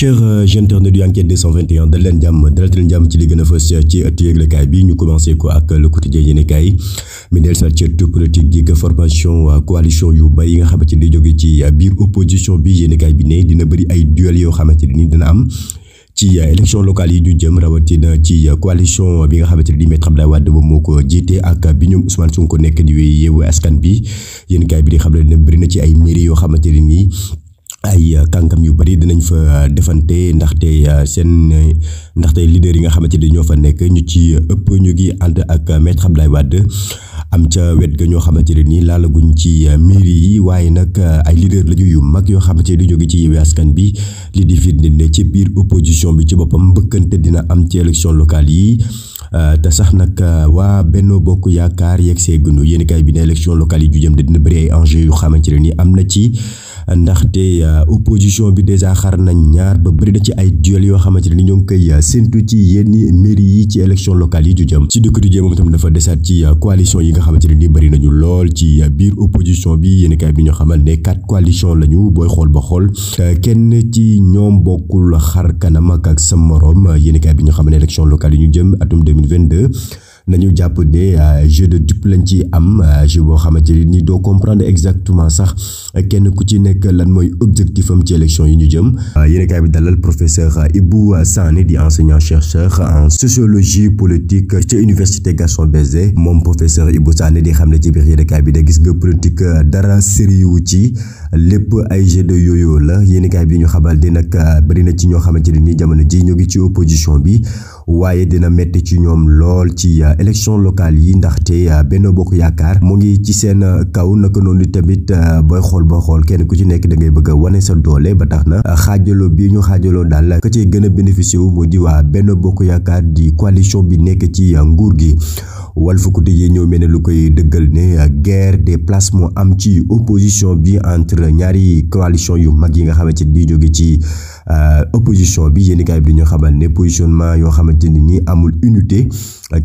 chers euh, internautes du Enquête 221 dal leen jàmm dalal leen jàmm ci li gën a fës ci ëttu yëglekaay bi ñu commencé ko ak le quotidien yéenekaay mi yu bay yi nga xamante ni di ci biir opposition bi yéenekaay bi ne dina bëri ay duel yoo xamante ni dina am ci élection locale yi du jëm rawatina ci coalition bi nga xamante ne di Maître Abdoulaye Wade moom moo ko jiite ak bi ñoom Ousmane Sonko nekk di Yewwi Askan bi yéenekaay bi di xam ne dina bëri na ci ay mairie yoo xamante ne nii ay kàngam euh, yu bëri dinañ fa euh, defante ndaxte euh, seen ndaxte leader yi nga xamante ni ñoo fa nekk ñu ci ëpp ñu ngi ànd ak maître Abdoulaye Wade am ca wet ga ñoo xamante ne nii laalaguñ ci euh, mairie yi waaye nag euh, ay leader lañu yu mag yoo xamante di jóge ci Yewwi Askan Wi li di firnde ne ci biir opposition bi ci boppam mbëkkante dina am ci élection yi euh, te sax nag waa Benno Bokk Yaakaar yeeg see gënu yéenekaay bi ne élection ju jëm dina bëri ay enjeux xamante ne nii am na ci ndaxte opposition bi déjà xar nañ ñaar ba bari na ci ay duel yoo xamante ne ni ñoo ngi koy séntu ci yenn mairie yi ci élection locale yi ju jëm ci dëkk du jëm moom tam dafa desaat ci coalition yi nga xamante ne ni bëri nañu lool ci biir opposition bi yéen kaay bi ñu xamal ne quatre coalition la ñu booy xool ba xool kenn ci ñoom bokkul xar kanam ak sa morom yéen kaay bi ñu xamal ne élection locale yi ñu jëm atum 2022 nañu jàpp ne euh, jeu de dupe lañ ci am euh, jeu boo xamante ne ni doo comprendre exactement sax kenn ku ci nekk lan mooy objectif am ci élection yi ñu jëm euh, yéenekaay bi dalal professeur Ibou Sané di enseignant chercheur en sociologie politique ci université Gaston Berger moom professeur Ibou Sané di xam ne ci biir yéenekaay bi da gis nga politique dara sérieux wu ci lépp ay jeu yooyu la yéenekaay bi ñu xabal di nag euh, bëri na ci ñoo xamante ne nii jamono ji ñu ngi ci opposition bi waaye dina metti ci ñoom lool ci euh, élection locale yi ndax ndaxte euh, benn Bokk Yaakaar mu ngi ci seen kaw naka noonu tamit booy xool booy xool kenn ku ci nekk da ngay bëgg a wane sa doole ba tax na xaajaloo bi ñu xaajaloo daal ka cee gën a bénéficié wu moo di waa Benno Bokk Yaakaar di koalition bi nekk ci nguur gi Walf Quotidien ñëw mel ne lu koy dëggal ne guerre des places moo am ci bi entre la ñaari coalition yu mag yi nga xamante ni jóge ci euh, opposition bi yéen kaay bi dañoo xamal ne positionnement yoo xamante ni nii amul unité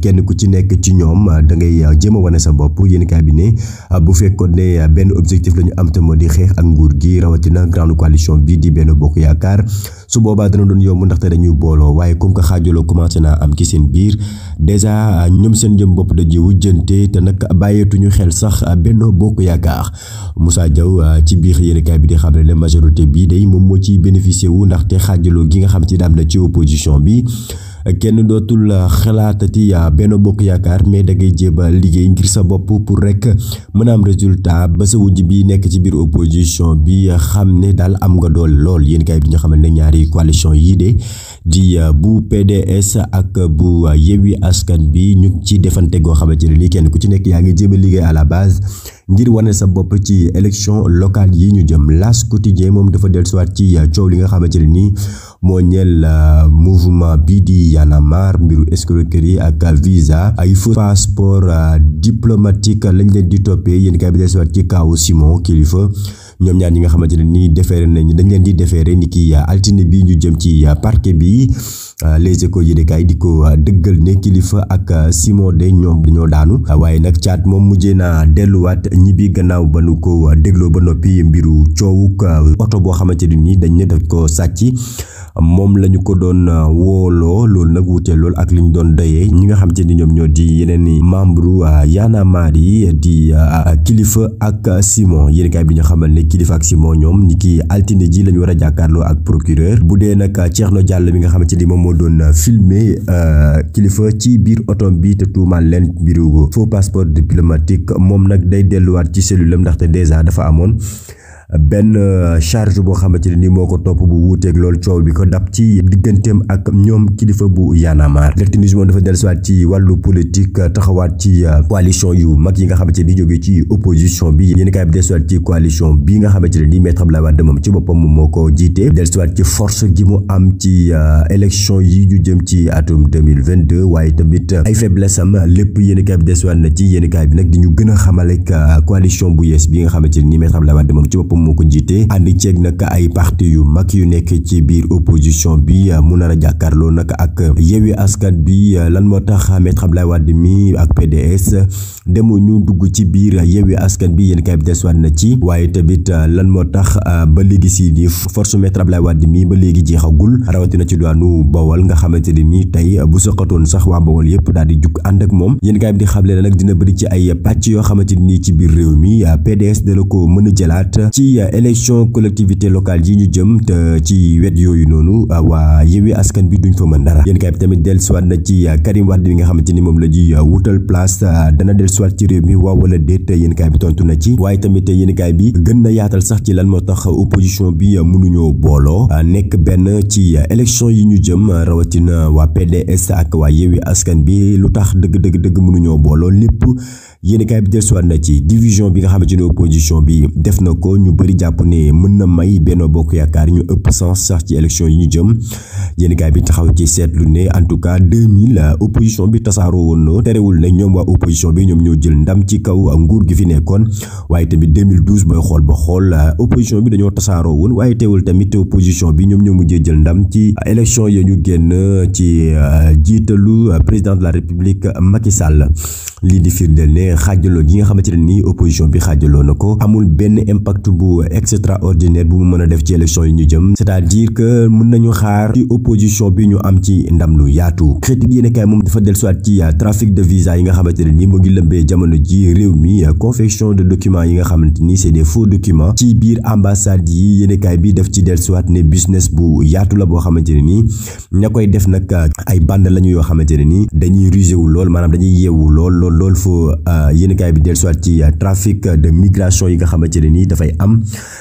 kenn ku ci nekk ci ñoom da ngay jéem a wane sa bopp yéen bi ne bu fekkoon ne benn objectif la ñu am te moo di xeex ak nguur gi rawatina grande coalition bii di benn bokk yaakaar su boobaa dana doon yomb ndaxte dañuy booloo waaye comme que xaajaloo commencé naa am ci seen biir dèjà ñoom seen jëm bopp dañuy wujjante te nag bàyyeetuñu xel sax benn bokk yaakaar Moussa Diaw euh, ci biir yéenekaay bi di xam ne ne day moom moo ciy bénéficié wu ndaxte xaajaloo gi nga xam ci daam na ci opposition bi kenn dootul xalaatati benn bokk yaakaar mais da ngay jéem sa bopp pour rek mën a ba sa wujj bi nekk ci biir opposition bi xam ne daal am nga doole lool yéen kay bi ñu xamal ne ñaari coalition yii de di uh, bu PDS ak bu uh, Yewwi Askan bi ñu ci defante goo xamante ne lii kenn ku ci nekk yaa ngi jéem liggéey à la base. ngir wane sa bopp ci élection locale yi ñu jëm L'As Quotidien moom dafa dellusiwaat ci uh, coow li nga xamante ne nii moo ñeel uh, mouvement bii di Y'en a marre mbiru escroquerie ak visa ay faux passeport uh, diplomatique lañ leen di toppee yéen kay bi dellusiwaat ci kaawu Simon Kilifa ñoom ñaar ñi nga xamante ne nii defeere nañ dañ leen di defeere ni ki altine bi ñu jëm ci parquet bi les échos yi di ko dëggal ne Kilifa ak Simon de ñoom dañoo daanu waaye nag caat moom mujjee naa delluwaat ñibbi gannaaw ba nu ko dégloo ba noppi mbiru coowuk oto boo xamante ne nii dañ ne daf ko sàcc moom la ñu ko doon wooloo loolu nag wutee loolu ak li ñu doon doyee ñi nga xamante ni ñoom ñoo di yeneen i membre ah, Y'en a marre yi di ah, Kilifeu ak Simon yéen bi ñu xamal ne Kilifeu ak Simon ñoom ñi ki altine ji la ñu war a jàkkaarloo ak procureur bu dee nag Thierno jàll mi nga xamante ni moom moo doon filmer ah, kilifa ci biir oto bi te tuumaal leen mbiru faux passeport diplomatique moom nag day dell delluwaat ci cellule am ndaxte dèjà dafa amoon benn euh, charge boo xamante ne nii moo ko topp bu wuuteeg loolu coow bi ko dab ci digganteem ak ñoom kilifa bu Y'en a marre l'activisme moom dafa ci wàllu politique euh, taxawaat ci euh, coalition yu mag yi nga xamante ci ni jógee ci opposition bi yéen kaay bi dellusiwaat ci coalition bi nga xamante ne ni maître Abdoulaye Wade moom ci boppam moo ko jiite dellusiwaat ci force gi mu am ci élection yi ñu jëm ci atum 2022 waaye tamit ay faiblesse am lépp yéen kaay bi dellusiwaat na ci yéen kaay bi nag di ñu gën a xamal ak coalition bu yees bi nga xamante ne ni maître Abdoulaye Wade moom ci boppam moo ko jiite ànd ceeg nag ay parti yu mag yu nekk ci biir opposition bi mu nar a jàkkaarloo nag ak Yewwi Askan bi lan moo tax Maître Abdoulaye Wade mi ak PDS demu ñu dugg ci biir Yewwi Askan bi yéen kay bi deswaat na ci waaye tamit lan moo tax ba léegi si di force Maître Abdoulaye Wade ba léegi jeexagul rawatina ci doonu Bawol nga xamante ne nii tey bu soqatoon sax waa Bawol yëpp daal di jug ànd ak moom yenn kay bi di xamle nag dina bëri ci ay pàcc yoo xamante ni ci biir réew mi PDS dana ko mën a jëlaat ci élection collectivité locale yi ñu jëm te ci wet yooyu noonu ah, waa Yewwi Askan bi duñ fa mën dara yéen kaay bi tamit dell dellusiwaat na ci ah, Karim Wade bi nga xamante ni moom la ji ah, wutal place dana dellusiwaat ci réew mi waaw wala déet yéen kaay bi tontu na ci waaye tamit yéen kaay bi gën na yaatal sax ci lan moo tax opposition bi mënuñoo booloo nekk benn ci élection yi ñu jëm rawatina waa PDS ak waa Yewwi Askan bi lu tax dëgg dëgg dëgg mënuñoo booloo lépp yéen kaay bi dellusiwaat na ci division bi nga xamante ni opposition bi def na ko ñu bëri jàpp ne mën na may Benno Bokk Yaakaar ñu ëpp sens sax ci élection yi ñu jëm yéen kaay bi taxaw ci seetlu ne en tout cas 2000 euh, opposition bi tasaaroo woon na terewul ne ñoom waa opposition bi ñoom ñoo jël ndam ci kaw euh, nguur gi fi nekkoon waaye tamit 2012 booy xool ba xool euh, opposition bi dañoo tasaaroo woon teewul tamit opposition bi ñoom ñoo mujjee jël ndam ci élection yi ñu génn ci jiitalu président de la république Macky Sall lii di firndeel ne xaajaloo gi nga xamante ne nii opposition bi xaajaloo na ko amul benn impact bu. bu extraordinaire bu mu mën a def ci élection yi ñu jëm c'est-à-dire que mën nañu xaar ci opposition bi ñu am ci ndam lu yaatu critique yéen kaay moom dafa dellusiwaat ci trafic de visa yi nga xamante ne nii mu ngi lëmbee jamono ji réew mi confection de documents yi nga xamante ni c'est des faux documents ci biir ambassade yi yéen kaay bi def ci dellusiwaat ne business bu yaatu la boo xamante ne nii ña koy def nag ay bande lañu yoo xamante ne nii dañuy rusé wu lool maanaam dañuy yeewu lool lool lool foo yéen kaay bi dellusiwaat ci trafic de migration yi nga xamante ne nii dafay am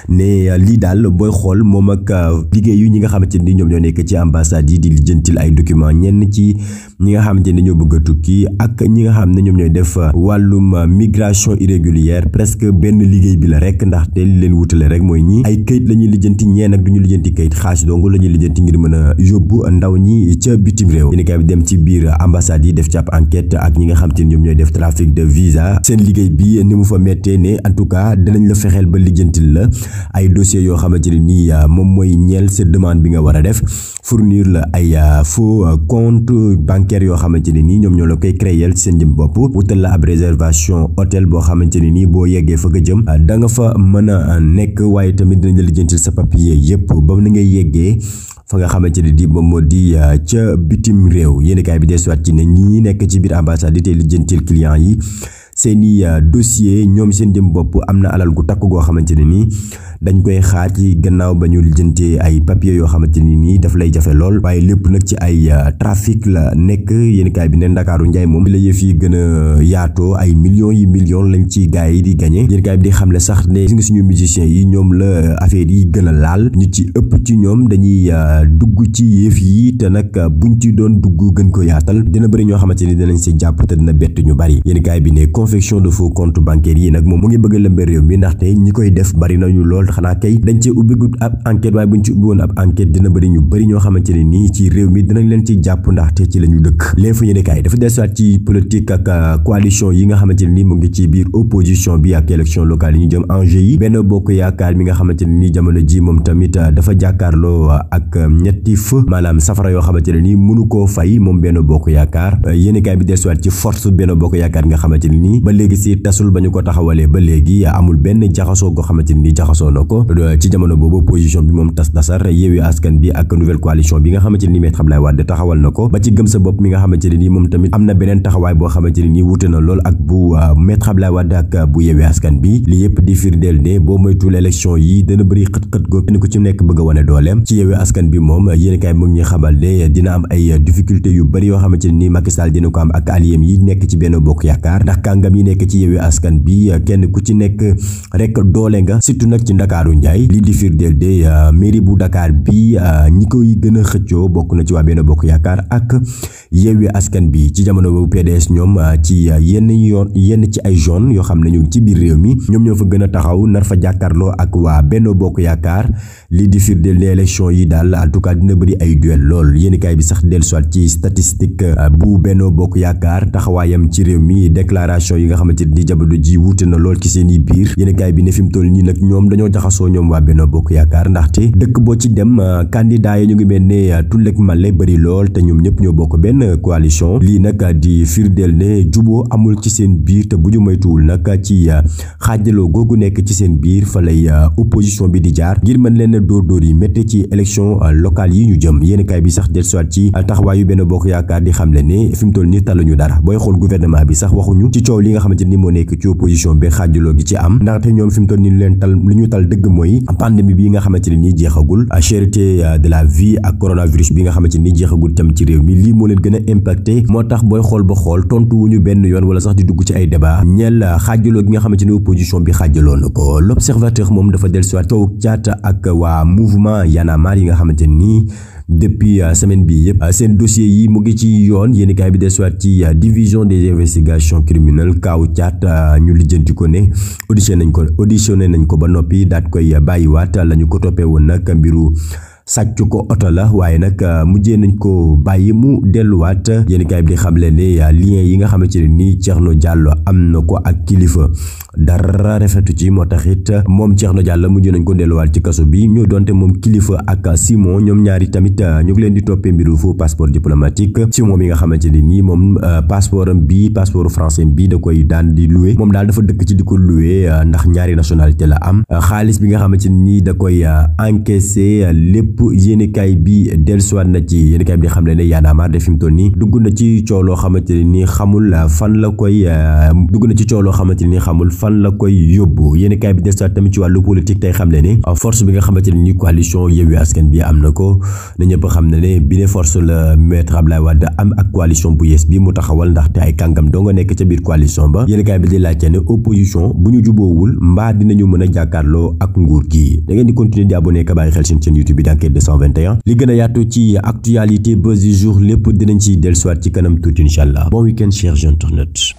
ne euh, lii daal booy xool moom ak euh, liggéeyu ñi nga xamante ni ñoom ñoo nekk ci ambassade yi di lijjantil ay documents ñenn ci. ñi nga xam te ne ñoo bëgg a tukki ak ñi nga xam ne ñoom ñooy def wàllum migration irrégulière presque benn liggéey bi la rek ndaxte li leen wutale rek mooy ñii ay këyit la ñuy lijjanti ñeen nag du ñu lijjanti këyit xaalis dong la ñuy lijjanti ngir mën a yóbbu ndaw ñi ca bitim réew yéenekaay bi dem ci biir ambassade yi def ci ab enquête ak ñi nga xam te ne ñoom ñooy def trafic de visa seen liggéey bi ni mu fa méttee ne en tout cas dinañ la fexeel ba lijjantil la ay dossier yoo xamante ne nii euh, moom mooy ñeel sa demande bi nga war a def fournir la ay euh, faux euh, compte banque bancaire yoo xamante ne nii ñoom ñoo la koy créel seen jëm bopp wutal la ab réservation hôtel boo xamante ne nii boo yeggee fa nga jëm da nga fa mën a nekk waaye tamit dinañ la lijjantil sa papier yépp ba ni ngay yeggee fa nga xamante ne di moom moo di euh, ca bitim réew yéenekaay bi des wat ci ne ñuy nekk ci biir ambassade yi tey lijjantil client yi seeni euh, dossier ñoom seen jëm bopp am na alal gu takk goo xamante ne nii dañ koy xaar ci gannaaw ba ñu lijjantee ay papier yoo xamante ne nii daf lay jafe lool waaye lépp nag ci ay euh, trafic la nekk yéen kaay bi ne Ndakaaru Njaay moom la yëf yi gën a yaatoo ay millions yi millions lañ ci gars yi di gañee yéen kaay bi di xam xamle sax ne gis nga suñu musiciens yi ñoom la euh, affaire yi gën a laal ñu ci ëpp ci ñoom dañuy dugg ci yëf yi te nag buñ ci doon dugg gën ko yaatal dina bëri ñoo xamante ni dinañ si jàpp te dina ñu bari confection de faux compte bancaire yi nag moom mu ngi bëgg a réew mi ndaxte ñi koy def bari lool xanaa kay dañ ci ubbigut ab enquête waaye bu ñu ci ubbi woon ab enquête dina bëri ñu bëri ñoo xamante ne nii ci réew mi dinañ leen ci jàpp ndaxte ci la ñu dëkk l'info euh, xamante ne nii mu ngi ci biir opposition bi ak élection locale yi ñu jëm enjeu yi benn bokk mi nga xamante ne nii jamono ji moom tamit euh, dafa jàkkaarloo euh, ak ñetti fë maanaam safara yoo xamante ne nii mënu koo fay moom benn bokk yaakaar yéenekaay bi desuwaat ci force benn bokk yaakaar nga xamante ne nii ni ba léegi si tasul ba ñu ko taxawalee ba léegi amul benn jaxasoo goo xamante ni jaxasoo na ko ci jamono boobu position bi moom tas tasar yeewi askan bi ak nouvelle coalition bi nga xamante ni Maître Abdoulaye Wade taxawal na ko ba ci gëm sa bopp mi moom tamit am na beneen taxawaay boo xamante ne ni wute lool ak bu euh, Maître Abdoulaye Wade ak bu bi li yëpp di firndeel ne boo moytuwul élection yi dana bari xët-xët goo kenn ku ci nekk bëgg a wane dooleem ci yeewi askan bi moom yéen kaay mu ngi ñuy dina am ay difficulté yu bari yoo xamante ne ni Macky Sall dina ko am ak alliés yi nekk ci benn bokk yaakaar ndax kàngam yi nekk ci yewu askan bi kenn ku ci nekk rek doole nga surtout nag ci ndakaaru njaay lii di firndeel de euh, mairie bu ndakaar bi euh, ñi koy gën a xëccoo bokk na ci waa benn bokk yaakaar ak yewu askan bi ci jamono boobu PDS ñoom euh, ci yenn yoon yenn ci ay zone yoo xam ne ñu ci biir réew mi ñoom ñoo fa gën a taxaw nar fa jàkkaarloo ak waa benn bokk yaakaar lii di firndeel ne élection yi daal en tout cas dina bëri ay duel lool yéen bi sax dellu soit ci statistique bu benn bokk yaakaar taxawaayam ci réew mi déclaration. association yi nga xamante ni jamono ji wuute na lool ci seen i biir yéenekaay bi ne fi mu toll nii nag ñoom dañoo jaxasoo ñoom waa Benno Bokk Yaakaar ndaxte dëkk boo ci dem ah, candidat yi ñu ngi mel ne ah, tullek male bari lool te ñoom ñëpp ñoo bokk benn coalition lii nag di firndeel ne juboo amul ci seen biir te bu ñu moytuwul nag ci ah, xaajaloo googu nekk ci seen biir fa lay opposition bi di jaar ngir mën leen door dóor yi métti ci élection locale yi ñu jëm yéenekaay bi sax del soit ci taxawaayu Benno Bokk Yaakaar di xamle ne fi mu toll nii taluñu dara booy xool gouvernement li nga xamante ni moo nekk ci opposition bi xaajaloo gi ci am ndaxte ñoom fi mu toll ni lu leen tal lu ñu tal dëgg mooy pandémie bi nga xamante ne nii jeexagul cherté euh, de la vie ak bi nga xamante ni jeexagul tam ci réew mi lii moo leen gën a impacté moo tax booy xool ba xool tontu wuñu benn yoon wala sax di dugg ci ay débat ñeel euh, xaajaloo gi nga xamante ni opposition bi xaajaloo na ko l'observateur moom dafa dellusiwaat coow caata ak waa mouvement Y yi nga xamante nii depuis euh, semaine bi yëpp euh, seen dossier yi mu ngi ci yoon yéeni bi des waat ci euh, division des investigations criminelles kaaw caat ñu lijjanti ko ne auditionné nañ ko auditionné nañ ko ba noppi daat koy bàyyiwaat la ñu ko toppee woon nag mbiru sàcc ko oto la waaye nag euh, mujjee nañ ko bàyyi mu delluwaat yéen bi xam xamle ne euh, lien yi nga xamante ne nii Thierno Diallo am na ko ak kilifa dara rafetu ci moo tax it euh, moom Thierno Diallo mujjee nañ ko delluwaat ci kaso bi ñoo doonte moom kilifa ak Simon ñoom ñaari tamit ñu ngi leen di toppee mbiru faux passeport diplomatique Simon mi nga xamante ne nii moom passeport am bii passeport français bi da koy daan di loué moom daal dafa dëkk ci di ko loué ndax ñaari nationalité la am xaalis bi nga xamante ne nii da koy encaissé lépp. lépp yéenekaay bi dellusiwaat na ci yéenekaay bi di xam ne ne Y'en a marre de fi mu toll dugg na ci coow loo xamante ne nii xamul fan la koy euh, dugg na ci coow loo xamante nii xamul fan la koy yóbbu yéenekaay bi dellusiwaat tamit ci wàllu politique tey xam ne ne euh, force bi nga xamante ne nii coalition Yewwi Askan bi am na ko na ñëpp xam ne ne bi ne force la maître Abdoulaye Wade am ak coalition bu yees bi mu taxawal ndaxte ay kàngam doo nga nekk ca biir coalition ba yéenekaay bi di laajte ne opposition bu ñu juboowul mbaa dinañu mën a jàkkaarloo ak nguur gi da ngeen di continuer di abonné ka bàyyi xel enquête 221 li gën a yaatu ci actualité buzz du jour lépp dinañ ci dellusiwaat ci kanam tuuti incha allah bon week-end chers internautes